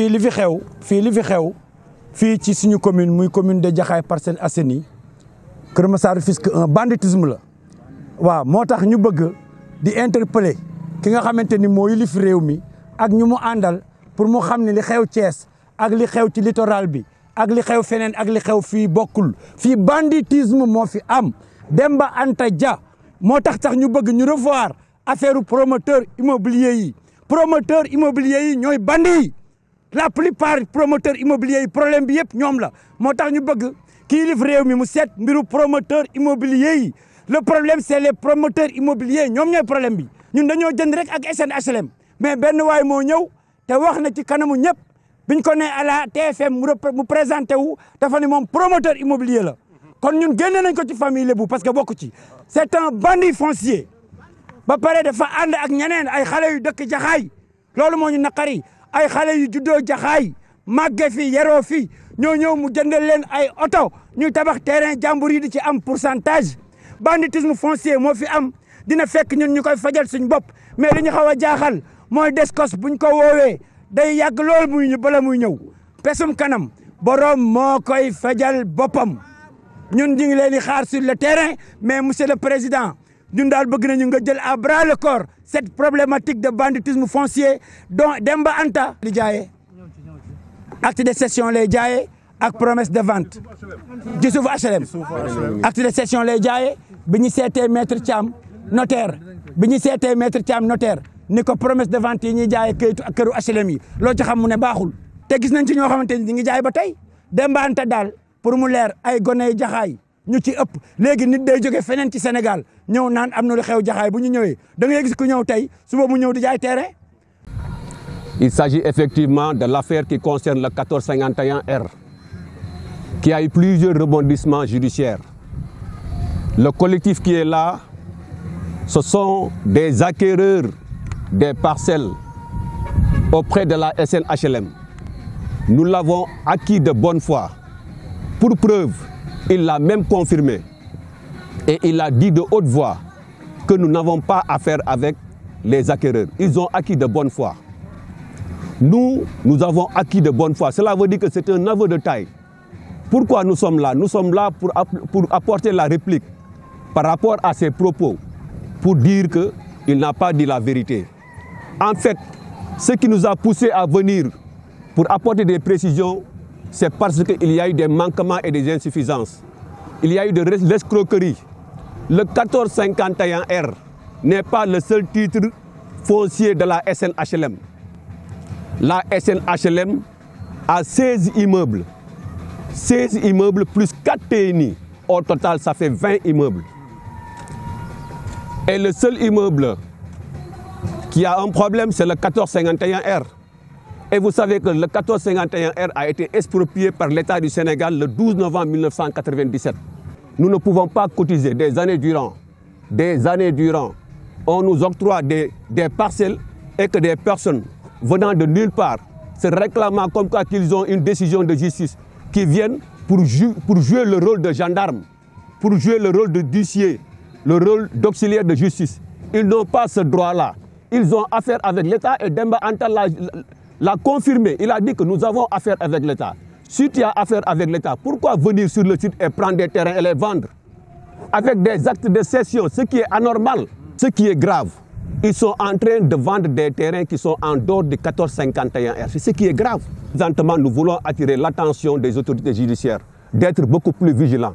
fii li fi xew fii li fi xew fii ci suñu commune muy commune de Jaxaay Parcelles Assainies Kër Massar Rufisque un banditisme la waaw moo tax ñu bëgg di interpeller ki nga xamante ni moo yilif réew mi ak ñu mu àndal pour mu xam ne li xew cees ak li xew ci littoral bi ak li xew feneen ak li xew fii bokkul fii banditisme moo fi am Demba Anta Dia moo tax sax ñu bëgg ñu revoir affaire promoteur immobilier yi promoteur immobilier yi ñooy bandi la plupart promoteur immobilier yi problème bi yëpp ñoom la moo tax ñu bëgg kiilif réew mi mu seet mbiru promoteur immobilier yi le problème c' est les promoteurs immobiliers ñoom ñooy problème bi ñun dañoo jënd rek ak SNHLM mais benn waay moo ñëw te wax na ci kanamu ñëpp biñ ko nee à la TFM mu présenté wu dafa ne moom promoteur immobilier la kon ñun génne nañ ko ci famille Lébou parce que bokk ci c' est un bandit ba pare fa ànd ak ñeneen ay xale yu dëkk jaxaay loolu moo ñu naqari ay xale yu juddoo jaxaay màgge fi yeroo fi ñoo ñëw mu jëndal leen ay oto ñuy tabax terrain jàmbur yi di ci am pourcentage banditisme foncier moo fi am dina fekk ñun ñu koy fajal suñ bopp mais li ñu xaw a jaaxal mooy descos buñ ko woowee day yàgg lool mu ñu bala muy ñëw pesum kanam borom moo koy fajal boppam ñun ñu ngi leen di xaar sur le terrain mais monsieur le président ñun daal bëgg nañu nga jël à bras le corps cette problématique de banditisme foncier dont Demba Anta li jaayee acte de cession lay jaayee ak promesse de vente ci suufu HLM acte de cession lay jaayee bi ñu seetee maître Thiam notaire bi ñu seetee maître Thiam notaire ni ko promesse de vente yi ñuy jaayee këyitu ak këru HLM yi loo ci xam mu ne baaxul te gis nañ ci ñoo xamante ni ñu ngi jaay ba tey Demba Anta daal pour mu leer ay gone jaxaay ñu ci ëpp léegi nit day jóge feneen ci Sénégal ñëw naan am na lu xew jaxaay bu ñu ñëwee da ngay gis ku ñëw tey suba mu ñëw di jaay terrain. Il s'agit effectivement de l'affaire qui concerne le 1451R, qui a eu plusieurs rebondissements judiciaires. Le collectif qui est là, ce son des acquéreurs des parcelles auprès de la SNHLM. Nous l'avons acquis de bonne foi. Pour preuve, il l'a même confirmé. Et il a dit de haute voix que nous n'avons pas affaire avec les acquéreurs. Ils ont acquis de bonne foi. Nous, nous avons acquis de bonne foi. Cela veut dire que c'est un aveu de taille. Pourquoi nous sommes là Nous sommes là pour, pour apporter la réplique par rapport à ses propos, pour dire qu'il n'a pas dit la vérité. En fait, ce qui nous a poussé à venir pour apporter des précisions, c'est parce qu'il y a eu des manquements et des insuffisances. il y a eu de l'escroquerie. Le 1451R n'est pas le seul titre foncier de la SNHLM. La SNHLM a 16 immeubles. 16 immeubles plus 4 TNI. Au total, ça fait 20 immeubles. Et le seul immeuble qui a un problème, c'est le 1451R. Et vous savez que le 1451R a été exproprié par l'État du Sénégal le 12 novembre des des années durant. des, des parcelles et que des personnes venant de nulle part se réclamant comme quoi une décision de justice qui viennent pour, jou pour le rôle de gendarme, pour jouer le rôle de d'huissier, le rôle d'auxiliaire de justice. Ils n'ont pas ce droit l'a confirmé. Il a dit que nous avons affaire avec l'État. Si tu as affaire avec l'État, pourquoi venir sur le site et prendre des terrains et les vendre Avec des actes de cession, ce qui est anormal, ce qui est grave. Ils sont en train de vendre des terrains qui sont en dehors du 1451R, ce qui est grave. Présentement, nous voulons attirer l'attention des autorités judiciaires d'être beaucoup plus vigilants.